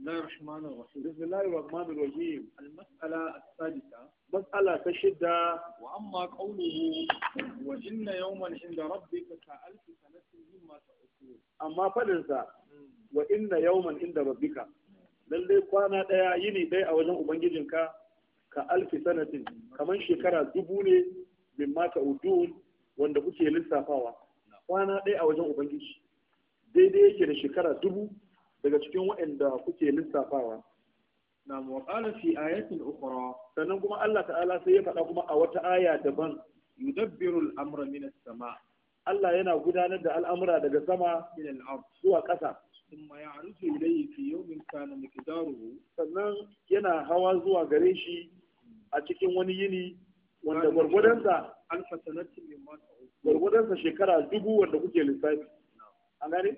الله الرحمن الرحيم بسم الله الرحمن الرحيم المسألة السادسة مسألة تشدة وأما قوله وإن يوما عند ربك كألف سنة مما أما فلنسى وإن يوما عند ربك lallai kwana ɗaya yini ɗaya a wajen ubangijinka ka alfi sanatin kamar shekara dubu ne min mata udun wanda kuke lissafawa kwana ɗaya a wajen ubangiji daidai yake da shekara dubu daga cikin waɗanda kuke lissafawa na muqala fi ayatin ukhra sannan kuma Allah ta'ala sai ya faɗa kuma a wata aya daban yudabbirul amra min as-sama Allah yana gudanar da al'amura daga sama min al-ard zuwa ƙasa ya arzu ilayhi fi yawmin kana miqdaruhu sannan yana hawa zuwa gare shi a cikin wani yini wanda gwargwadonsa alfa sanatin min ma gwargwadonsa shekara dubu wanda kuke lissafi an gane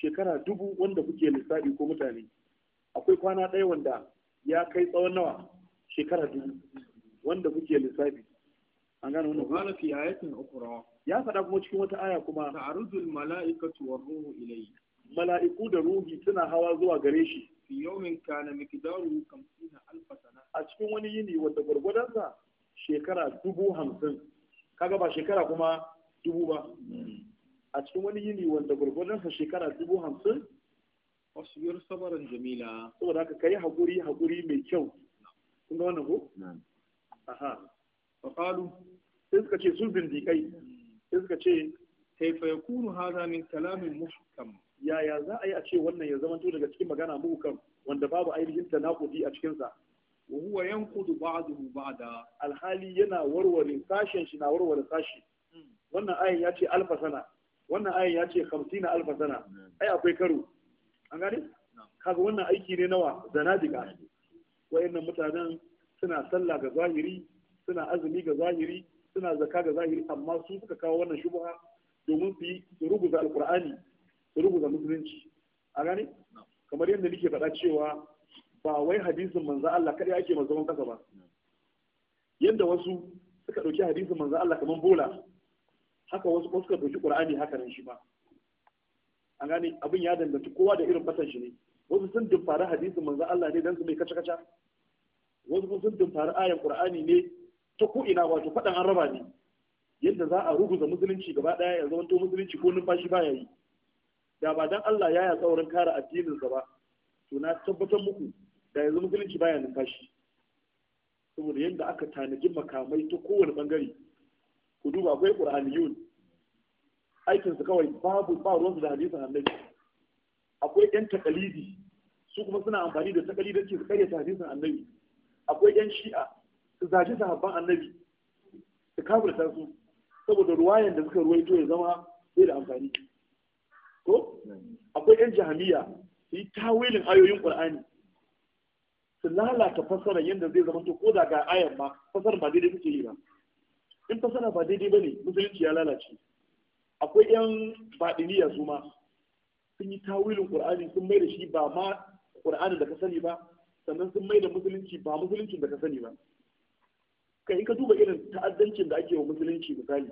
shekara dubu wanda kuke lissafi ko mutane akwai kwana ɗaya wanda ya kai tsawon nawa shekara dubu wanda kuke lissafi an gane wannan qala fi ayatin ukura ya faɗa kuma cikin wata aya kuma ta'arudul mala'ikatu war ruhu ilayhi mala'iku da ruhi suna hawa zuwa gare shi fi yawmin kana miqdaru 50000 sana a cikin wani yini wanda gurgurdansa shekara dubu hamsin kaga ba shekara kuma dubu ba hmm. a cikin wani yini wanda gurgurdansa shekara dubu hamsin wasu yar sabarin jamila saboda aka kai haƙuri haƙuri mai kyau kun ga wannan ko aha fa qalu sai suka ce sun bindikai sai suka ce kaifa yakunu hadha min kalamin muhkam yaya za a yi a ce wannan ya zama to daga cikin magana muhkam wanda babu ainihin naƙudi a cikin sa wa huwa yanqudu ba'dahu ba'da alhali yana warware sashen shi na warware sashi hmm. wannan ayin ya ce alfa wannan ayin ya ce kamsi na sana ai akwai karo an gani kaga wannan aiki ne nawa zanadiga wayannan mutanen suna sallah ga zahiri suna azumi ga zahiri suna zaka ga zahiri amma su suka kawo wannan shubha domin su yi su rubuta alqur'ani su rubuta musulunci a gani? kamar yadda nake faɗa cewa ba wai hadisin manzo Allah kadai ake mazaman kasa ba yadda wasu suka ɗauki hadisin manzo Allah kamar bola haka wasu kuma suka ɗauki qur'ani haka nan shi ma an gane abin ya danganci kowa da irin fasan shi ne wasu sun dumfari hadisin manzo Allah ne dan su mai kaca kaca wasu kuma sun dumfari ayan qur'ani ne ta ko ina wato faɗan an raba ne yadda za a ruguza musulunci gaba ɗaya ya zama to musulunci ko numfashi baya yi da ba dan Allah ya ya tsaurin kare addinin sa ba to na tabbatar muku da yanzu musulunci baya numfashi saboda yadda aka tanaji makamai ta kowane bangare ku duba akwai qur'aniyun aikin su kawai babu ba ruwan da hadisan annabi akwai yan takalidi su kuma suna amfani da takalidanci su ta hadisan annabi akwai yan shi'a su zaji sahabban annabi su kafirta su saboda ruwayan da suka ruwaito ya zama sai da amfani ko akwai yan jahamiya su yi tawilin ayoyin qur'ani su lalata fassara yadda zai zama to ko da ga ayar ma fassarar ba daidai kuke yi ba in fasara ba daidai ba ne musulunci ya lalace akwai yan baɗiniya su ma sun yi tawilin ƙur'ani sun mai da shi ba ma ƙur'ani da ka sani ba sannan sun mai da musulunci ba musuluncin da ka sani ba Ka in ka duba irin ta'addancin da ake wa musulunci misali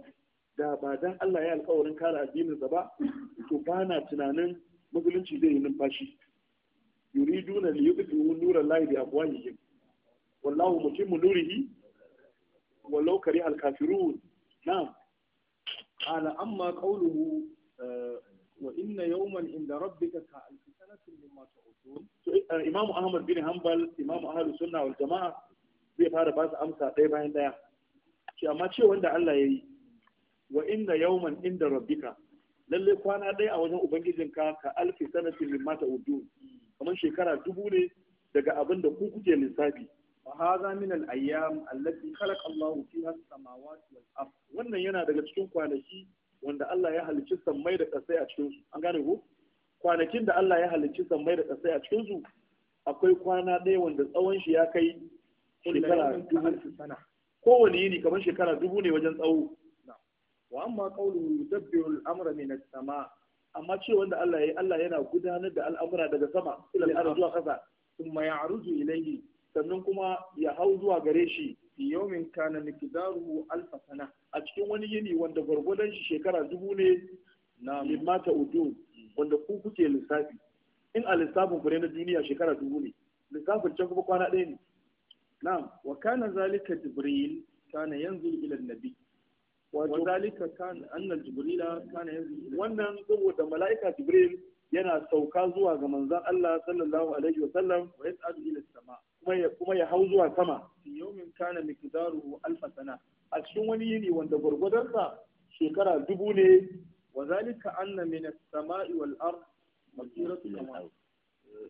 da ba dan Allah ya alƙawarin kare addininsa ba to ba na tunanin musulunci zai yi numfashi yuriduna ifi yuqtu nura abuwa bi afwahihim wallahu mutimmu nurihi walau kari alkafirun na'am ala amma qawluhu wa inna yawman inda rabbika ka alfi sanatin mimma ta'udun ahmad bin hanbal imamu ahlus sunna wal zai fara ba amsa ɗaya bayan ɗaya shi ce wanda Allah ya yi wa inna yawman inda rabbika lalle kwana ɗaya a wajen ubangijinka ka alfi sanatin limmata udu. kamar shekara dubu ne daga abin da ku kuke lissafi فهذا من الأيام التي خلق الله فيها السماوات والأرض wannan yana daga cikin kwanaki wanda Allah ya halicci sammai da ƙasai a cikin su an gane ko kwanakin da Allah ya halicci sammai da ƙasai a cikin su akwai kwana ɗaya wanda tsawon shi ya kai shekara dubu kowane yini kamar shekara dubu ne wajen tsawo wa amma qawlu yudabbiru al-amra min as-sama amma ce wanda Allah yayi Allah yana gudanar da al'amura daga sama ila al-ardi zuwa ƙasa thumma ya'ruju ilayhi sannan kuma ya hau zuwa gare shi fi yawmin kana miqdaruhu alf sana a cikin wani yini wanda gwargwadon shi shekara dubu ne na mimata udu, wanda ku kuke lissafi in a lissafin ku na duniya shekara dubu ne lissafin can kuma kwana ɗaya ne na'am wa kana zalika jibril kana yanzu ila nabi wa zalika kana anna jibrila kana yanzu wannan saboda mala'ika jibril yana sauka zuwa ga manzon Allah sallallahu alaihi wa sallam wa yas'adu ila sama kuma ya kuma ya hau zuwa sama fi yawmin kana miqdaruhu alf sana a cikin wani yini wanda gwargwadarsa shekara dubu ne wa zalika anna min as-sama'i wal ard masiratu kama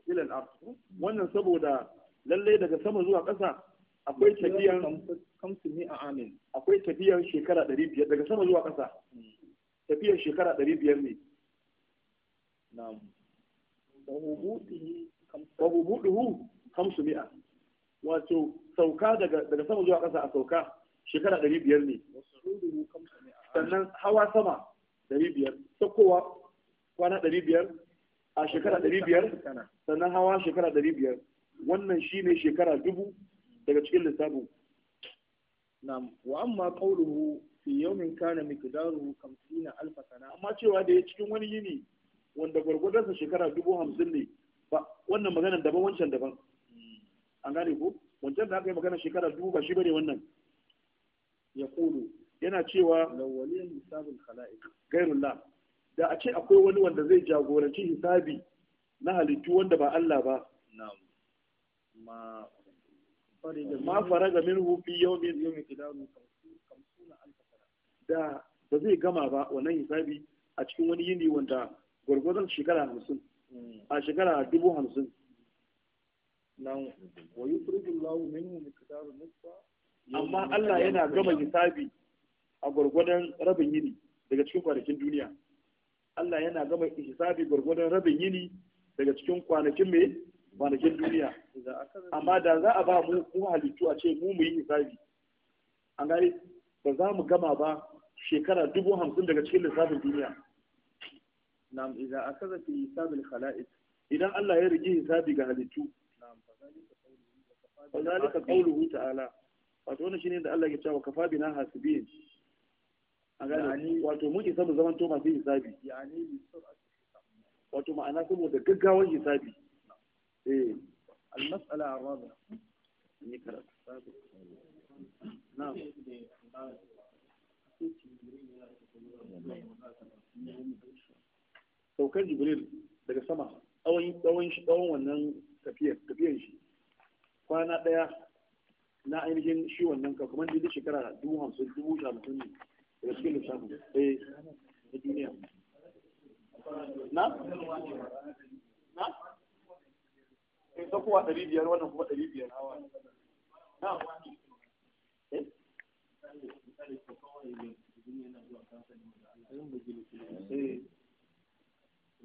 ila al-ard wannan saboda lalle daga sama zuwa ƙasa akwai tafiyan kamsin a amin akwai tafiyan shekara 500 daga sama zuwa ƙasa hmm. tafiyan shekara 500 ne na'am wa hubuduhu kamsu mi'a wato sauka daga sama zuwa ƙasa a sauka shekara ɗari biyar ne sannan hawa sama ɗari biyar saukowa kwana ɗari biyar a shekara ɗari biyar sannan hawa shekara ɗari biyar wannan shi ne shekara dubu daga cikin lissafin na'am wa amma qawluhu fi yawmin kana miqdaruhu 50000 alf sana amma cewa da ya cikin wani yini wanda gwargwadonsa shekara dubu hamsin ne ba wannan maganar daban wancan daban an gane ko wancan da aka yi magana shekara dubu ba shi bane wannan ya kulu yana cewa lawalin hisabul khalaiq gairullah da a ce akwai wani wanda zai jagoranci hisabi na halittu wanda ba Allah ba na'am ma ma faraga minhu fi yawmi yawmin qidamu 50000 da ba zai gama ba wannan hisabi a cikin wani yini wanda gwargwadon shekara hamsin hmm. a shekara dubu hamsin nan wa yufridu Allahu minhu miqdaru nufa amma Allah yana gama hisabi a gwargwadon rabin yini daga cikin kwanakin duniya Allah yana gama hisabi gwargwadon rabin yini daga cikin kwanakin me kwanakin duniya amma da za a ba mu mu halittu a ce mu mu yi hisabi an gani ba za mu gama ba shekara dubu hamsin daga cikin lissafin duniya nam idan akaza fi hisabil khalaiq idan Allah ya rigi hisabi ga halittu nam fa qawluhu ta'ala wato wannan shine da Allah ya cewa kafa bina hasibin an gane wato mun isa mu zaman to masu hisabi yani wato ma'ana saboda gaggawar hisabi eh al-mas'ala ar-rabi'a ni karatu na'am saukar jibril daga sama tsawon wannan tafiyan shi kwana ɗaya na ainihin shi wannan ka shekara dubu hamsin dubu ne daga cikin lissafin eh, na duniya na na eh, ɗari biyar wannan kuma ɗari biyar na eh?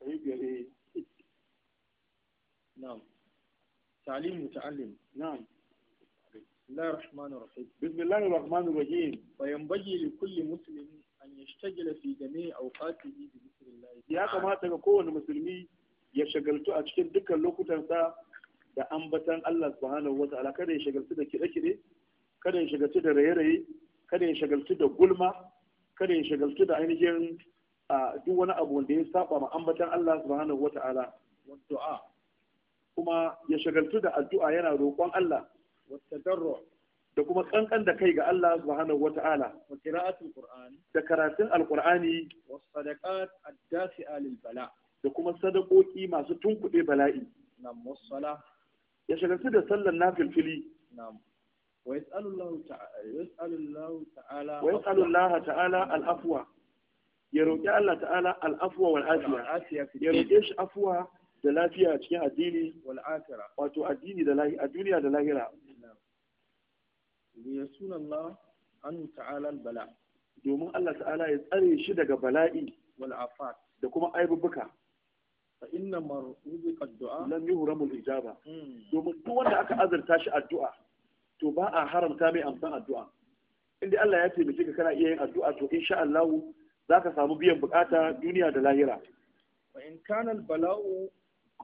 ɗari biyar eh na'am ta'lim muta'allim na'am بسم الله الرحمن الرحيم بسم الله الرحمن الرحيم وينبغي لكل مسلم أن يشتغل في جميع kamata بذكر الله يا كما shagaltu a cikin dukkan lokutan sa da ambatan Allah subhanahu wa ta'ala kada ya shagaltu da kide-kide kada ya shagaltu da raye-raye kada ya shagaltu da gulma kada ya shagaltu da ainihin duk wani abu wanda ya saba ma ambatan Allah subhanahu wata'ala du'a kuma ya shagaltu da addu'a yana roƙon Allah wattadarru da kuma kankan da kai ga Allah subhanahu wata'ala wa qira'atul qur'an da karatun alqur'ani was sadaqat ad-dafi'a lil bala da kuma sadakoki masu tunkuɗe bala'i nam was sala ya shagaltu da sallar nafilfili nam wa yas'alullahu ta'ala wa yas'alullahu ta'ala al-afwa ya roƙi Allah ta'ala al'afuwa wal afiya ya roƙe shi afuwa da lafiya a cikin addini wal akhira wato addini da lahi a duniya da lahira ya sunallah anhu ta'ala bala domin Allah ta'ala ya tsare shi daga bala'i wal afat da kuma aibubuka fa inna mar ruziqa du'a lam yuhramu al ijaba hmm. domin duk wanda aka azurta shi addu'a to ba a haramta mai amsan addu'a inda Allah ya taimake ka kana iya yin addu'a to insha Allah za ka samu biyan bukata duniya da lahira wa in kana bala'u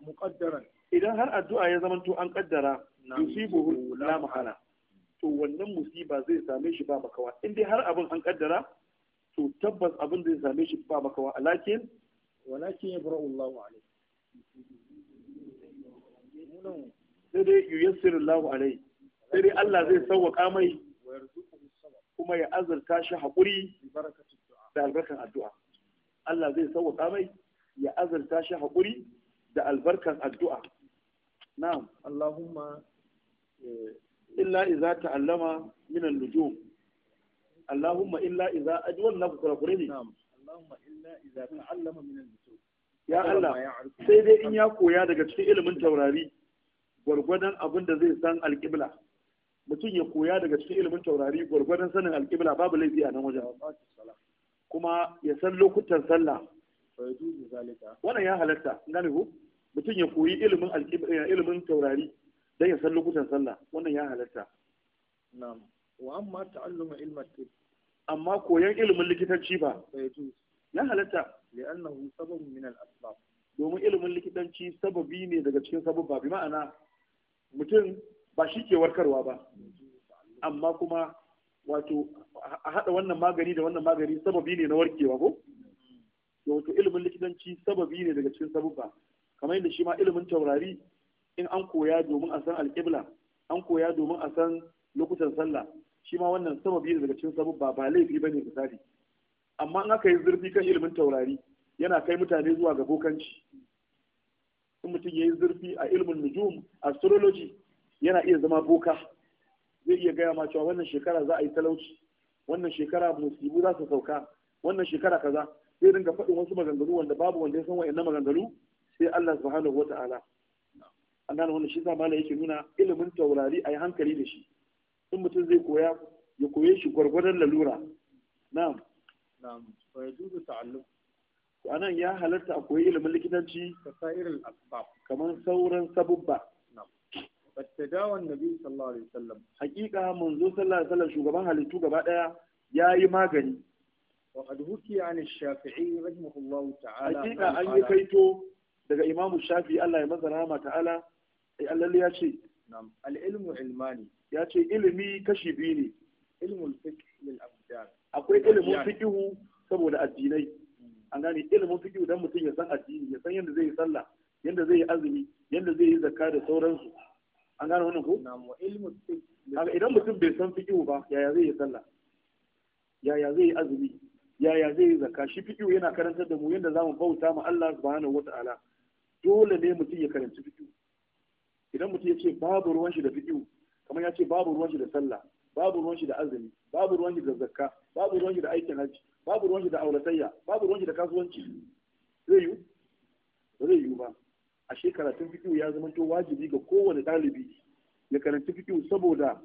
muqaddaran idan har addu'a ya zamanto an kaddara yusibuhu la mahala to wannan musiba zai same shi ba makawa in dai har abin an kaddara to tabbas abin zai same shi ba makawa alakin walakin yabra'u Allahu alayhi sai dai yuyassiru Allahu alayhi sai dai Allah zai sauwaka mai kuma ya azurta shi haƙuri da albarkan addu'a Allah zai sauwaka mai ya azurta shi haƙuri da albarkan addu'a na'am Allahumma eh, illa iza ta'allama min al-nujum Allahumma illa iza ajwan na kurakure ne na'am Allahumma illa iza ta'allama min al-nujum ya Allah sai dai in ya koya daga cikin ilimin taurari gwargwadon abin da zai san alƙibla mutum ya koya daga cikin ilimin taurari gwargwadon sanin alƙibla babu laifi a nan wajen kuma ya san lokutan sallah wannan ya halatta gane ku mutum ya koyi ilimin eh, ilimin taurari dan ya san lokutan sallah wannan ya halatta na'am wa amma ta'alluma ilmin tib amma koyan ilimin likitanci ba ya halatta li'annahu sababun min al-asbab domin ilimin likitanci sababi ne daga cikin sababba bi ma'ana mutum ba shi ke warkarwa ba amma kuma wato a haɗa wannan magani da wannan magani sababi ne na warkewa ko wato ilimin likitanci sababi ne daga cikin sabubba kamar yadda shi ma ilimin taurari in an koya domin a san alƙibla an koya domin a san lokutan sallah shi ma wannan sababi ne daga cikin sabubba ba laifi bane misali amma in aka yi zurfi kan ilimin taurari yana kai mutane zuwa ga bokanci in mutum ya yi zurfi a ilimin nujum astrology yana iya zama boka zai iya gaya ma cewa wannan shekara za a yi talauci wannan shekara musibu za su sauka wannan shekara kaza sai dinga faɗin wasu maganganu wanda babu wanda ya san na maganganu sai Allah subhanahu ta'ala an gane wannan shi sa mala yake nuna ilimin taurari a yi hankali da shi in mutum zai koya ya koye shi gwargwadon lalura na'am na'am fa yajuzu ta'allum anan ya halarta a koyi ilimin likitanci ta kamar sauran sabubba fattadawan nabi sallallahu alaihi wasallam hakika manzo sallallahu alaihi wasallam shugaban halittu gaba daya yayi magani wa qad hukiya an shafi'i rahimahullahu ta'ala hakika an yi kaito daga imamu shafi'i Allah ya maza rama ta'ala ai eh, Allah ya ce na'am al-ilmu ilmani ya ce ilimi kashi biyu ne ilmul fiqh lil abdan akwai ilimin fiqhu saboda addinai hmm. an gane ilimin fiqhu dan mutum ya san addini ya san yadda zai yi sallah yadda zai yi azumi yadda zai yi zakka da sauransu an gane wani ko idan mutum bai san fiqh ba yaya zai yi sallah yaya zai yi azumi yaya zai yi zakka shi fiqh yana karantar da mu yadda za mu bauta ma Allah subhanahu wataala dole ne mutum ya karanci fiqh idan mutum ya ce babu ruwan shi da fiqh kamar ya ce babu ruwan shi da sallah babu ruwan shi da azumi babu ruwan shi da zakka babu ruwan shi da aikin hajji babu ruwan shi da auratayya babu ruwan shi da kasuwanci zai yiwu ba zai yiwu ba ashe karatun fiqh ya zama wajibi ga kowane ɗalibi ya karanci fiqh saboda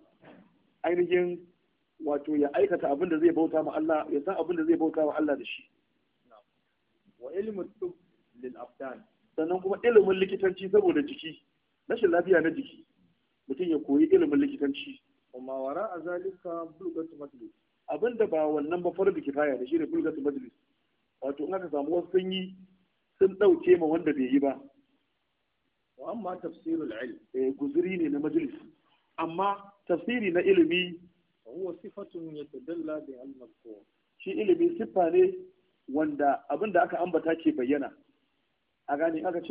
ainihin wato ya aikata abin da zai bauta ma Allah ya san abin da zai bauta wa Allah da shi wa ilmu tub lil abdan sannan kuma ilimin likitanci saboda jiki rashin lafiya na jiki mutum ya koyi ilimin likitanci amma wara a zalika bulgatu majlis abin da ba wannan ba farbi kifaya da shi ne bulgatu majlis wato in aka samu wasu sun yi sun ɗauke ma wanda bai yi ba wa amma العلم ilm eh guzuri ne na majalis amma tafsiri na ilimi huwa sifatun yatadalla bi al-mazkur shi ilimi siffa ne wanda abin aka ambata ke bayyana a gane aka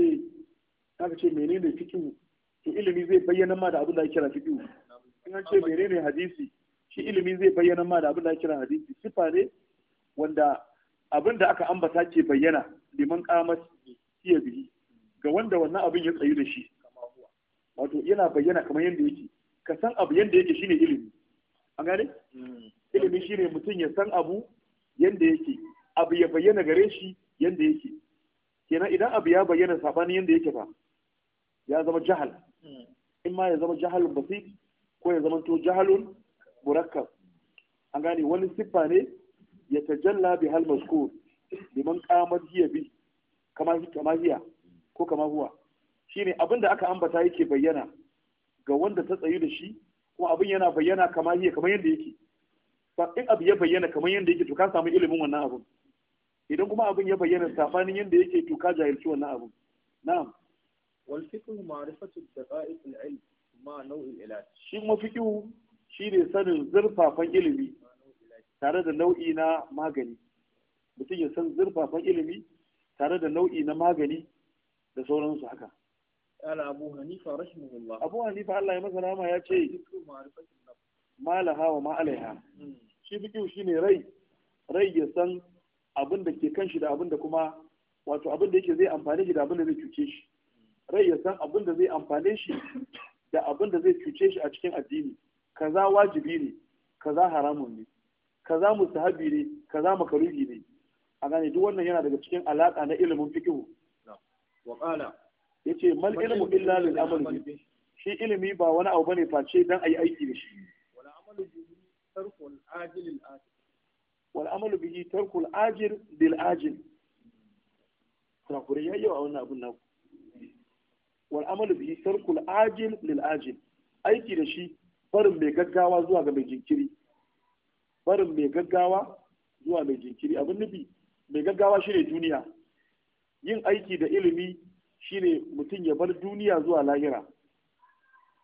ce menene fiqhu to ilimi zai bayyana ma da abin da kira fiqhu in ce menene hadisi shi ilimi zai bayyana ma da abin da kira hadisi siffa ne wanda abin aka ambata bayyana liman biyu. ga wanda wannan abin ya tsayu da shi wato yana bayyana kamar yadda yake ka san abu yadda yake shine ilimi an gane mm. ilimi shine mutum ya san abu yadda yake abu ya bayyana gare shi yadda yake kenan idan abu ya bayyana sabanin yadda yake ba ya zama jahal mm. in ma ya zama jahalun basit ko ya zama to jahalun murakkab an gane wani siffa ne ya tajalla bi hal mazkur liman qamat hiya bi kama hiya ko kama huwa shine abin da aka ambata yake bayyana ga wanda ta tsayu da shi kuma abin yana bayyana kama hiya kamar yadda yake in abu ya bayyana kamar yadda yake to ka samu ilimin wannan abun idan kuma abin ya bayyana safanin yadda yake to ka jahilci wannan abun na'am wal fiqhu ma'rifatu daqa'iq al-ilm ma al ilaj shi ma fiqhu ne sanin zurfafan ilimi tare da nau'i na magani mutum ya san zurfafan ilimi tare da nau'i na magani da sauransu haka قال أبو حنيفة رحمه Abu Hanifa Allah ya masa rama ya ce, Malaha wa ma'alaiha. Hmm. shi fiƙi shi ne rai rai ya san abin da ke kan shi da abin da kuma wato abin da yake zai amfane shi da abin da zai cuce shi hmm. rai ya san abin da zai amfane shi da abin da zai cuce shi a cikin addini kaza wajibi ne kaza haramun ne kaza mustahabi ne kaza makarubi ne a gane duk wannan yana daga cikin alaƙa na ilimin fiqhu وقال yace ما ilmu illa للعمل به shi علمي ba wani abu bane face dan اي aiki ولا shi به ترك العاجل tarkul ajil lil ajil wal amalu a wannan abun naku wal aiki barin mai gaggawa zuwa ga mai jinkiri barin mai gaggawa zuwa mai jinkiri abin nufi mai gaggawa shi ne duniya yin aiki da ilimi shine mutum ya bar duniya zuwa lahira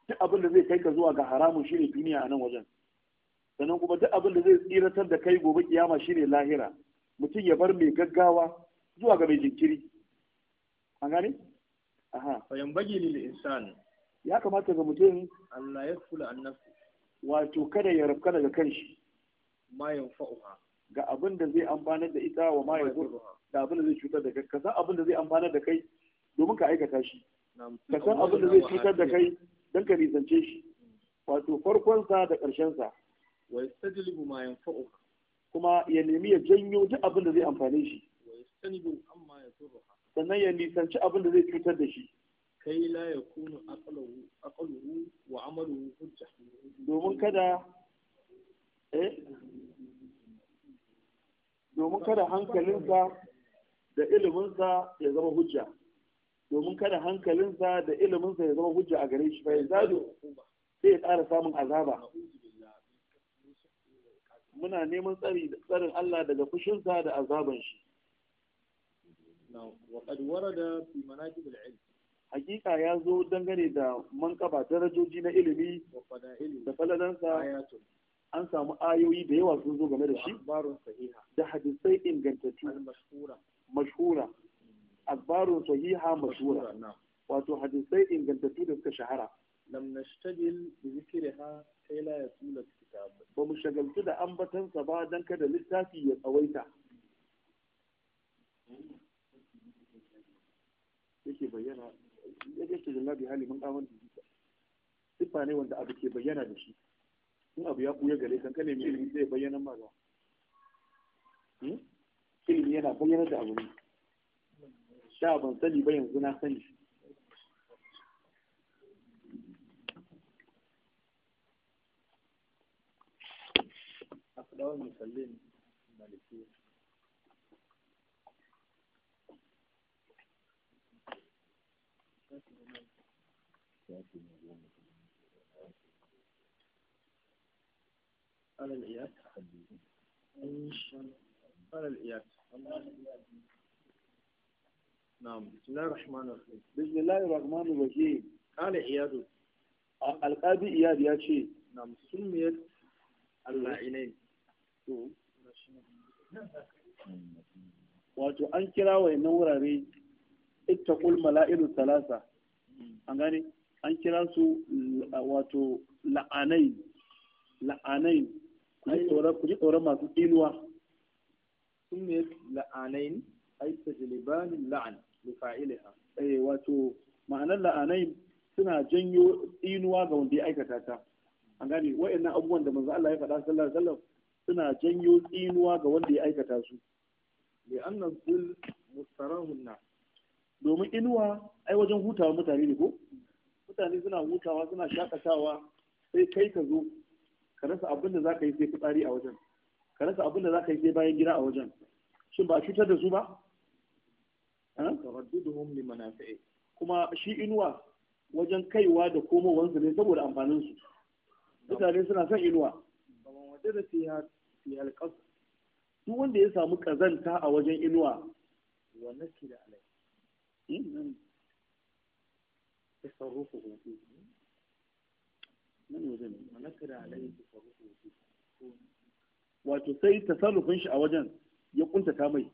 duk abin da zai kai ka zuwa ga haramun shine duniya a nan wajen sannan kuma duk abin da zai tsiratar da kai gobe kiyama shine lahira mutum ya bar mai gaggawa zuwa ga mai jinkiri an gane aha fa yanbaghi lil insani ya kamata ga mutum Allah ya kula an wato kada ya rafka daga kanshi ma yanfa'uha ga abin da zai amfanar da ita wa ma yanzu da abin da zai cutar da kai ka san abin da zai amfanar da kai domin ka aikata shi ka san abin da zai cutar da kai don ka nisance shi wato farkon sa da ƙarshen sa ma kuma ya nemi ya janyo duk abin da zai amfane shi sannan ya nisanci abin da zai cutar da shi kai la ya aqluhu aqluhu wa amaluhu hujja domin kada eh domin kada hankalinsa da iliminsa ya zama hujja domin kada hankalinsa da iliminsa ya zama hujja a gare shi fa zado sai ya ƙara samun azaba muna neman tsari tsarin Allah daga fushinsa da azaban shi hakika ya zo dangane da mankaba darajoji na ilimi da faladansa an samu ayoyi da yawa sun zo game da shi da hadisai ingantattu mashura. akbarun sahiha mashura. wato hadisai ingantattu da suka shahara lam bi zikriha kai la kitab ba mu shagaltu da ambatansa ba dan kada littafi ya tsawaita yake bayyana yake da hali mun kawo sifa ne wanda abu ke bayyana da shi in abu ya kuya gare kan kane mai ilimi zai bayyana ma ga hmm? ilimi yana bayyana da abu ne sha ban sani ba yanzu na sani أخلاق المسلمين ne. قال الإياد قال الإياد نعم بسم الله الرحمن الرحيم بسم الله الرحمن الرحيم قال إياد القاضي إياد يا شيء نعم سميت اللعينين wato an kira wa yannan wurare ittaqul mala'ilu talasa an gane an kira su wato la'anai la'anai ku ji tsoron masu tsinuwa sun ne la'anain ai tajlibanin la'an li fa'ilaha eh wato ma'anar la'anain suna janyo tsinuwa ga wanda ya aikata ta an gane wa'annan abubuwan da manzo Allah ya faɗa sallallahu alaihi wasallam suna janyo tsinuwa ga wanda ya aikata su li anna zul mustarahun na domin inuwa ai wajen hutawa mutane ne ko mutane suna hutawa suna shakatawa sai kai ka zo ka rasa abin da za ka yi sai fitsari a wajen ka rasa abin da za ka yi sai bayan gida a wajen shin ba cutar da su ba taradduduhum li manafi'i kuma shi inuwa wajen kaiwa da su ne saboda amfanin su mutane suna son inuwa kaman waje da fiha alqas duk wanda ya samu kazanta a wajen inuwa wa nakira alai hmm, hmm. wato sai tasarrufin shi a wajen ya kuntata mai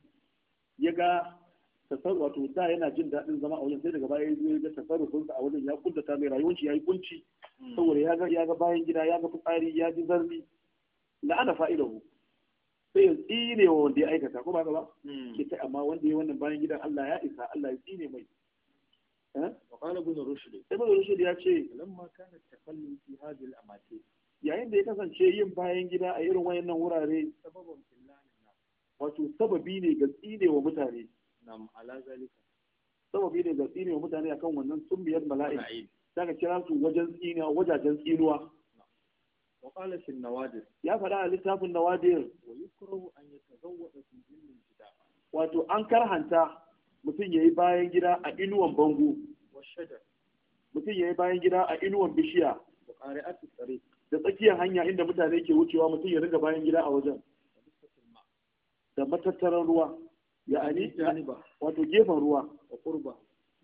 ya ga tasarruf wato da yana jin daɗin zama a wajen sai daga baya ya ga tasarrufin a wajen ya kuntata mai rayuwar shi yayi kunci hmm. saboda ya ga ya ga bayan gida ya ga fitsari ya ji ana la'ana fa'idahu sai ya tsine wa wanda ya aikata ko ba ka ba hmm. ke ta amma wanda ya wannan bayan gidan Allah ya isa Allah ya tsine mai وقال ابن رشد ابن رشد ya ce lamma kana takallu fi hadhihi al-amati yayin da ya kasance yin bayan gida a irin wayannan wurare sababun fillahi wato sababi ne ga tsine wa mutane nam ala zalika sababi ne ga tsine wa mutane akan wannan tumbiyar mala'ik daga kira su wajen tsina wajajen tsinuwa وقال في النوادر يا فلا لتاب النوادر ويكره أن يتزوج في علم الجدار wato an karhanta mutum ya yi bayan gida a inuwan bango mutum ya yi bayan gida a inuwan bishiya da tsakiyar hanya inda mutane ke wucewa mutum ya ringa bayan gida a wajen da matattaran ruwa ya'ani wato gefen ruwa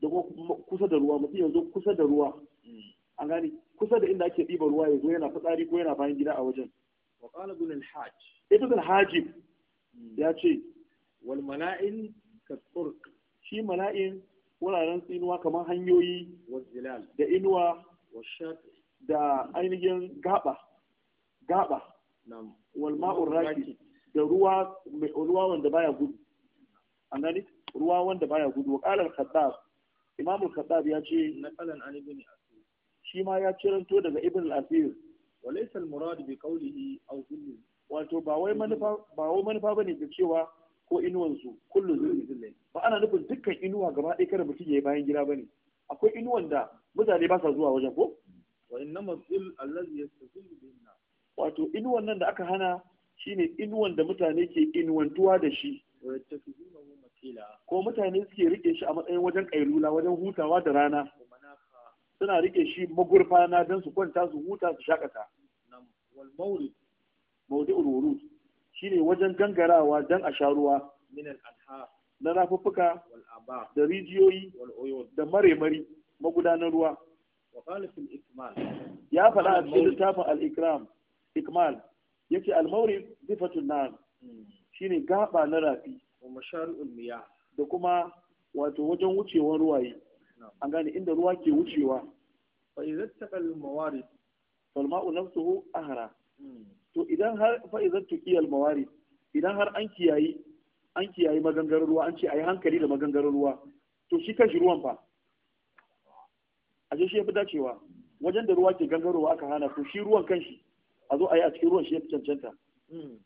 da kuma kusa da ruwa mutum ya zo kusa da ruwa an gani kusa da inda ake ɗiba ruwa ya zo yana fitsari ko yana bayan gida a wajen ibn al-hajib ya ce wal mala'in ka shi mala'in wuraren tsinuwa kamar hanyoyi da inuwa da ainihin gaba gaba wal ma'ur raki da ruwa mai ruwa wanda baya gudu an gani ruwa wanda baya gudu wa qala al-khattab imam al-khattab ya ce naqalan an ibn asir shi ma ya ciranto daga ibn al-asir wa laysa al-murad bi qawlihi aw dhilli wato ba wai manufa ba wai manufa bane da cewa ko inuwansu zai zuri zillai ba ana nufin dukkan inuwa gaba ɗaya kada mutum ya yi bayan gida bane akwai inuwan da mutane ba sa zuwa wajen ko wa inna masul allazi yastazillu bihinna wato inuwan nan da aka hana shine inuwan da mutane ke inuwantuwa da shi ko mutane suke rike shi a matsayin wajen kailula wajen hutawa da rana suna rike shi magurfana don su kwanta su huta su shakata maudi'ul wurud shine wajen gangarawa don a sha ruwa na rafuffuka da rijiyoyi da maremari magudanar ruwa ya faɗa a cikin littafin al'ikram, ikmal yace al'maurin mawrid sifatun nan hmm. ne gaba na rafi da kuma wato wajen wucewar ruwaye an gane inda ruwa ke wucewa fa idza taqa al-mawarid fal nafsuhu ahra hmm. to idan har fa'izar tukiyar mawari idan har an kiyayi an kiyayi ruwa an ce a yi hankali da maganganar ruwa to shi kashi ruwan fa ashe shi ya fi dacewa wajen da ruwa ke gangarowa aka hana to shi ruwan kanshi a zo yi a cikin ruwan shi ya fi cancanta hmm.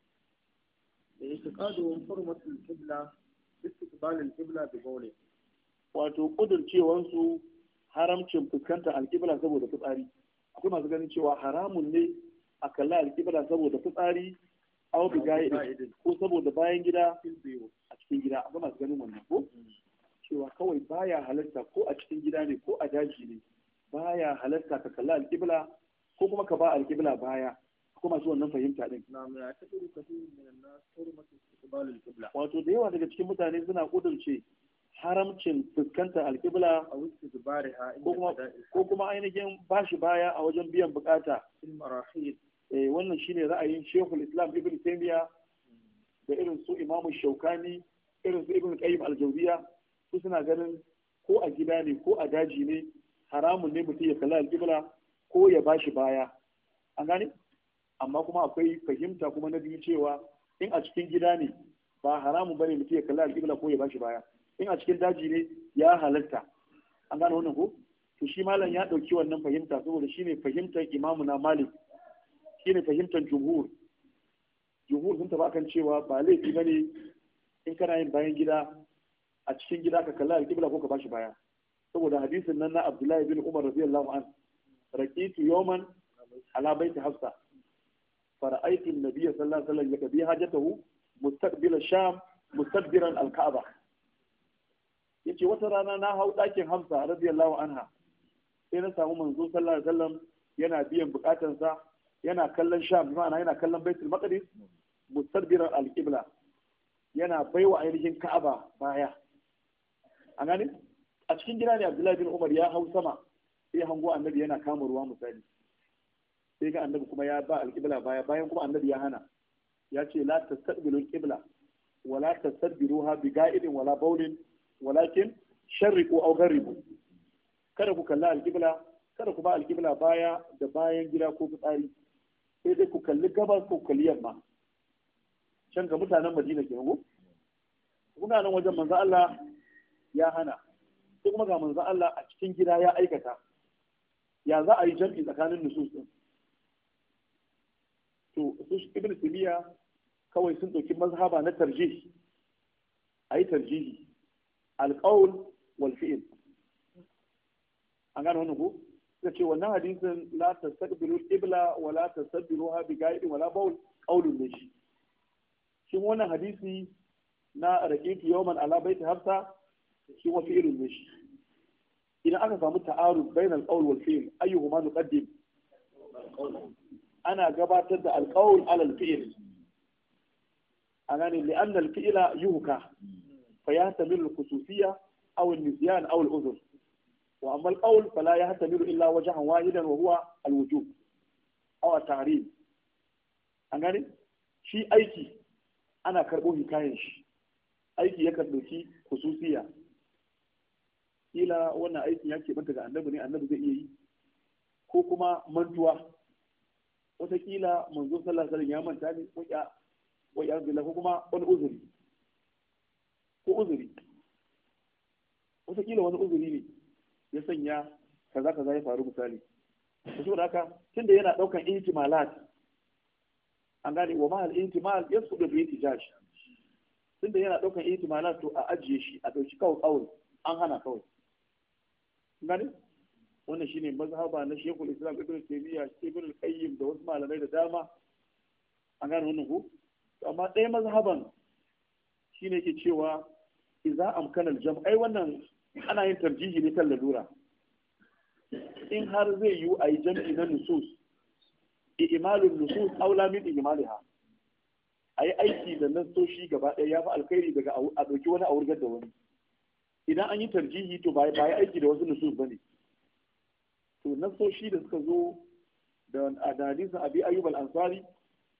da wato kudurcewan su haramcin fuskanta alkibla saboda fitsari akwai masu ganin cewa haramun ne a kalla alkibla saboda fitsari aw bi idan ko saboda bayan gida a cikin gida a gama ganin wannan ko mm. cewa kawai baya halarta ko a cikin gida ne ko a daji ne baya halarta ka kalla alkibla ko kuma ka ba alkibla baya kuma su wannan fahimta din wato da yawa daga cikin mutane suna kudurce haramcin fuskantar alƙibla ko kuma ainihin bashi baya a wajen biyan bukata Wannan eh, wannan shine ra'ayin Sheikhul Islam Ibn Taymiyyah da irin su Imam Shaukani irin su Ibn Qayyim al su suna ganin ko a gida ne ko a daji ne haramun ne mutum ya kalla al-qibla ko ya bashi baya an gane amma kuma akwai fahimta kuma na biyu cewa in a cikin gida ne ba haramun bane mutum ya kalla al-qibla ko ya bashi baya in a cikin daji ne ya halatta an gane wannan ko to shi malam ya dauki wannan fahimta saboda shine fahimtar imamu na Malik shine fahimtar jumhur jumhur sun taba kan cewa ba laifi bane in kana yin bayan gida a cikin gida ka kalla alƙibla ko ka bashi baya saboda hadisin nan na Abdullahi bin Umar radiyallahu an raqitu yawman ala baiti Hafsa fara'aitu an-nabiy sallallahu alaihi wasallam yakbi hajatahu mustaqbila sham mustadbiran al-Ka'aba yace wata rana na hau ɗakin Hafsa radiyallahu anha sai na samu manzo sallallahu alaihi wasallam yana biyan bukatansa yana kallon sham bi ma'ana yana kallon baitul maqdis mustadbiran al-qibla yana baiwa ainihin ka'aba baya a a cikin gida ne abdullahi bin umar ya hau sama sai hango annabi yana kama ruwa misali sai ga annabi kuma ya ba al-qibla baya bayan kuma annabi ya hana ya ce la tastaqbilu al-qibla wala tastadbiruha bi ga'idin wala bawlin walakin sharriqu aw gharibu kada ku kalla al-qibla kada ku ba al-qibla baya da bayan gida ko fitsari sai dai ku kalli gabas ko kalli yamma can ga mutanen Madina ke hagu? kuna nan wajen manzo Allah ya hana sai kuma ga manzo Allah a cikin gida ya aikata ya za a yi jam'i tsakanin nusus din to su ibn kawai sun ɗauki mazhaba na tarjih a yi tarjihi Alƙawul wal an gano hannu ku? yake wannan hadisin la tastaqbilu qibla wa la tastadbiruha bi gaidi wala baul qaulun ne shi shi wannan hadisi na raqitu yawman ala baiti hafsa shi wa fi'lun ne shi idan aka samu ta'arud bain al qaul wal fi'l ayyuhuma nuqaddim ana gabatar da al qaul ala al-fi'l anani li'anna al-fi'la yuhka fa yahtamilu al-khususiyya aw al nisyan aw al udhur wa amma فلا fala الا وجها واحدا وهو الوجوب او alwujub aw at-tahrim an gane shi aiki ana karɓo hikayen shi aiki yakan ɗauki kususiya. kila wannan aikin ya ke banta ga annabi ne annabi zai iya yi ko kuma mantuwa wataƙila manzo sallallahu ya manta ne wa ya zila ko kuma wani uzuri ko uzuri wani uzuri ne ya sanya kaza kaza ya faru misali to saboda haka tunda yana daukan ihtimalat an gane wa mahal ihtimal yasqutu jaji, tun tunda yana daukan ihtimalat to a ajiye shi a dauki kawai kawai an hana kawai An gane wannan shine mazhaba na shekul Islam Ibn Taymiyyah Ibn qayyim da wasu malamai da dama an gane wannan ko amma ɗaya mazhaban shine yake cewa idza amkana al-jam' ai wannan ana yin tarjihi ne kan lalura in har zai yiwu a yi jam'i na nusus imalin nusus aula min imaliha a yi aiki da nasoshi gaba ɗaya ya fi alkhairi daga a ɗauki wani a wurgar da wani idan an yi tarjihi to ba ya aiki da wasu nusus ba ne to nasoshi da suka zo da adalisa abi ayyub ansari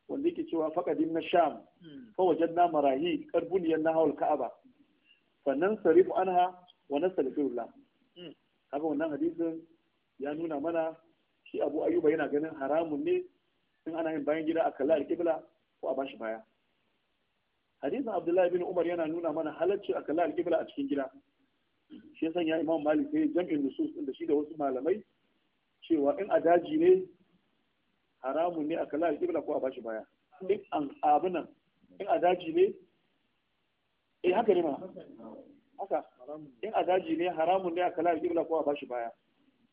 wanda yake cewa faƙadin na sham hmm. fa wajen na marahi karbuniyan na hawal ka'aba sannan sarifu anha wa nastaghfirullah Haka hmm. wannan hadisin ya nuna mana shi Abu ayuba yana ganin haramun ne in ana yin bayan gida a kalla al-qibla ko a bashi baya hadisin Abdullahi bin Umar yana nuna mana halacci a kalla al a cikin gida shi ya sanya Imam Malik sai jam'in nusus da shi da wasu malamai cewa in a daji ne haramun ne a kalla al ko a bashi baya in an abunan in a daji ne eh haka ne ma haka in a daji ne haramun ne a kala Ibla ko a bashi baya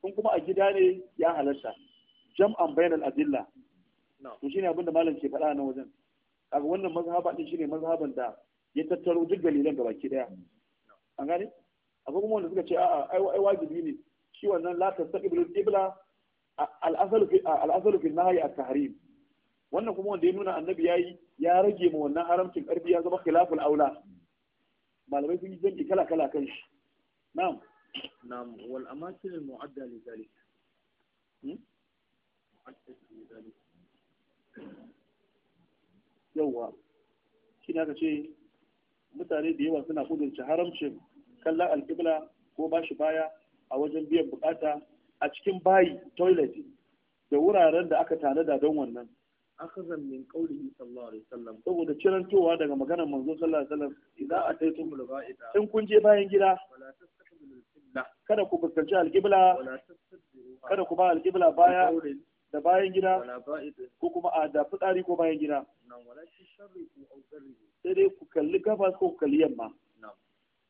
kun kuma a gida ne ya halarta jam'an bainal adilla to shine abinda malam ke faɗa nan wajen kaga wannan mazhaba din shine mazhaban da ya tattaro duk dalilan da baki daya an gane akwai kuma wanda suka ce a'a ai wajibi ne shi wannan la tastaqbilu qibla al-asl fi al-asl fi nahyi at-tahrim wannan kuma wanda ya nuna annabi yayi ya rage ma wannan haramcin karbi ya zama khilaful aula malamai sun yi zanki kala kala kan shi na'am na'am wal amakin hmm? mu'adda li zalik yawa shi ne aka ce mutane da yawa suna kudurci haramcin kallon alƙibla ko ba shi baya a wajen biyan bukata a cikin bayi toilet da wuraren da aka tanada don wannan akhazan min qawlihi sallallahu alaihi wasallam saboda cirantowa daga magana manzo sallallahu alaihi wasallam idan a ataytum al-ba'ida in kun je bayan gida kada ku fuskanci alqibla kada ku ba alqibla baya da bayan gida ko kuma a da fitsari ko bayan gida sai dai ku kalli gabas ko kalli yamma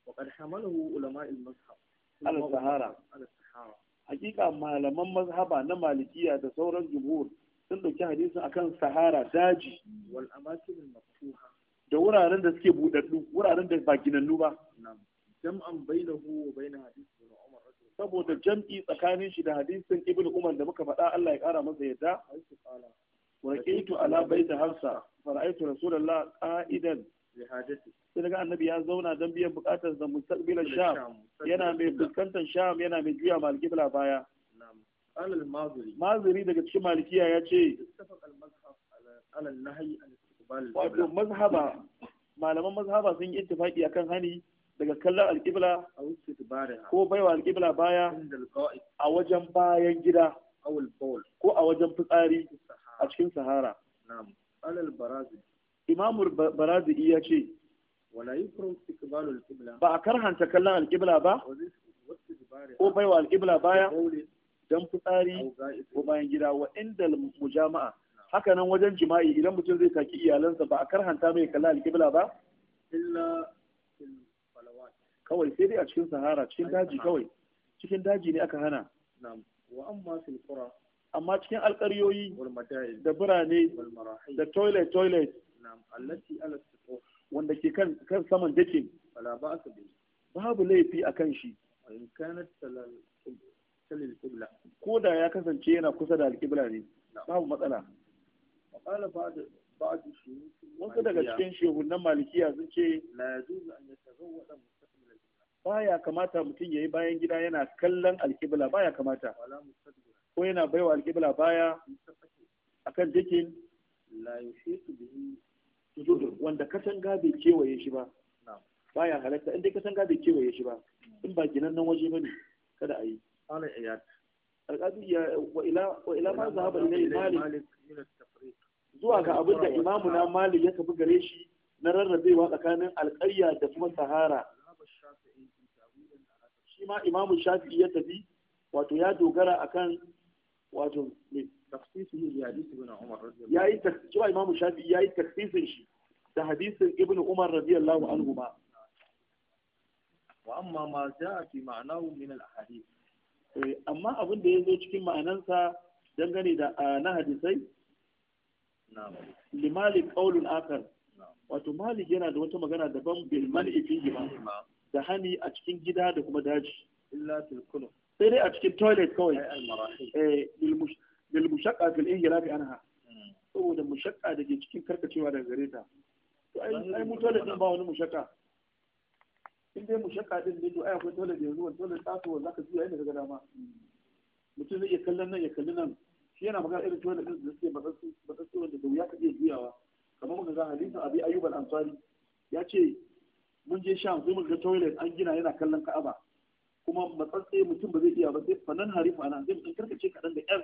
وقد حمله علماء المذهب على السهارة على السهارة حقيقة malaman mazhaba na malikiya da sauran jumhur sun dauki hadisin akan sahara daji wal amakin da wuraren da suke budaddu wuraren da ba ginannu ba jam'an bainahu wa bain hadisi umar saboda jam'i tsakanin shi da hadisin ibn umar da muka faɗa Allah ya kara masa yadda ورقيت على بيت حفصة فرأيت رسول الله قائدا لحاجتي sai ga annabi ya zauna don biyan bukatar da mustaqbilan sham yana mai fuskantar sham yana mai juya mal baya mazuri daga cikin malikiya ya ce wato mazhaba malaman mazhaba sun yi ittifaqi akan hani daga kallon alƙibla ko baiwa alƙibla baya a wajen bayan gida ko a wajen fitsari a cikin sahara imamu barazi'i ya ce ba a karhanta kallon alƙibla ba ko baiwa alƙibla baya dan fitsari ko bayan gida wa inda mujama'a haka nan wajen jima'i idan mutum zai saki iyalansa ba a karhanta mai kalla alƙibla ba illa kawai sai dai a cikin sahara cikin daji kawai cikin daji ne aka hana wa amma fil qura amma cikin alƙaryoyi da birane da toilet toilet wanda ke kan saman dakin babu laifi a kan shi ko da ya kasance yana kusa da alkibla ne babu matsala wasu daga cikin shehunan malikiya sun ce baya kamata mutum ya yi bayan gida yana kallon ba baya kamata ko yana baiwa alkibla baya akan jikin wanda katanga bai kewaye shi ba baya halatta in dai katanga bai kewaye shi ba in ba nan waje ba ne kada a yi qala iyad ya wa ila wa ila malik zuwa ga abinda da malik ya tafi gare shi na rarrabewa tsakanin alƙarya da kuma sahara shi ma shafi'i ya tafi wato ya dogara akan wato ne ya yi shafi'i ya yi taksisin shi da hadisin ibnu umar radiyallahu anhu ma wa amma ma ja'a fi ma'anahu min al Eh, amma abin da ya zo cikin ma'anansa dangane da ah, na hadisai limalik kaulun akar wato malik yana da wata magana daban bil man'i fihi da hani a cikin gida da kuma daji sai dai a cikin toilet kawai eh lil mushaqqa fil injirafi anha hmm. saboda mushaqqa da ke cikin karkacewa daga gare ta to ai mu toilet din ba wani mushaqqa in dai mu shaka din ne to ai akwai da yanzu wani ta taso wanda ka juya da ka dama mutum zai iya kallon nan ya kalli nan shi yana magana irin da din da suke matsatsu wanda da wuya ka iya juyawa kamar muka ga hadisin abi ayyubal ansari ya ce mun je sha sai ga toilet an gina yana kallon ka'aba kuma matsatsi mutum ba zai iya ba sai fanan harifu ana zai mutum karkace kaɗan da ƴar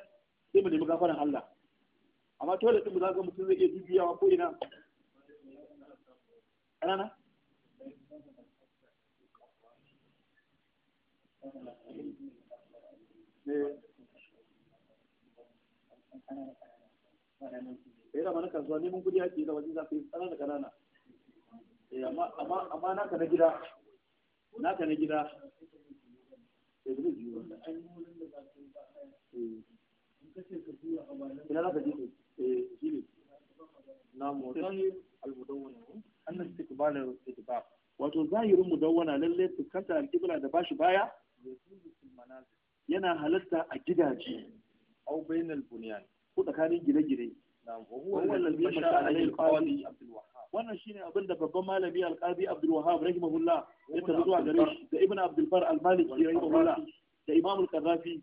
sai mu nemi gafaran Allah amma toilet din ba za ga mutum zai iya jujuyawa ko ina ƙanana Eh, ya mana kasuwa neman kudi ake da wajen zafi da ƙanana eh, amma na gida na gida eh, ina wato zahirin mudawwana lalle fuskanta alkibla da bashi baya yana halatta a gidaje aw bainal bunyan ko tsakanin gine-gine wannan shine abin da babban malami alqadi abdul wahhab rahimahullah ya tabi zuwa gare shi da ibn abdul bar al maliki rahimahullah da imam al qadhafi